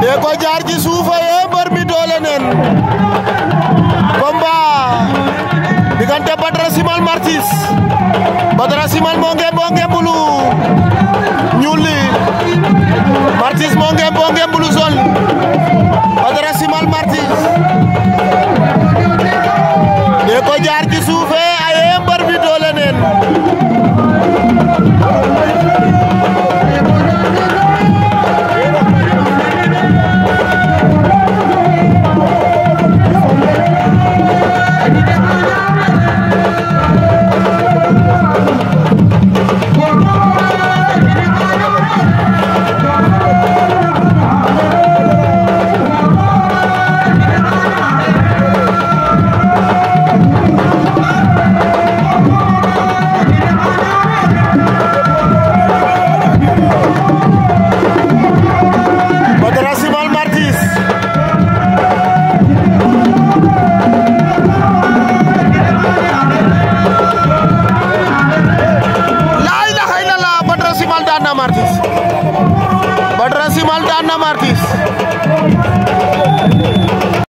de ko jaar ci suufa ye mi doole neen combat diggante Badara Simal Martis Badara Simal moo nge bo ngembulu ñuul li Martis moo nge bo ngembulu sol daan na Martins Badara Simal daan na Martins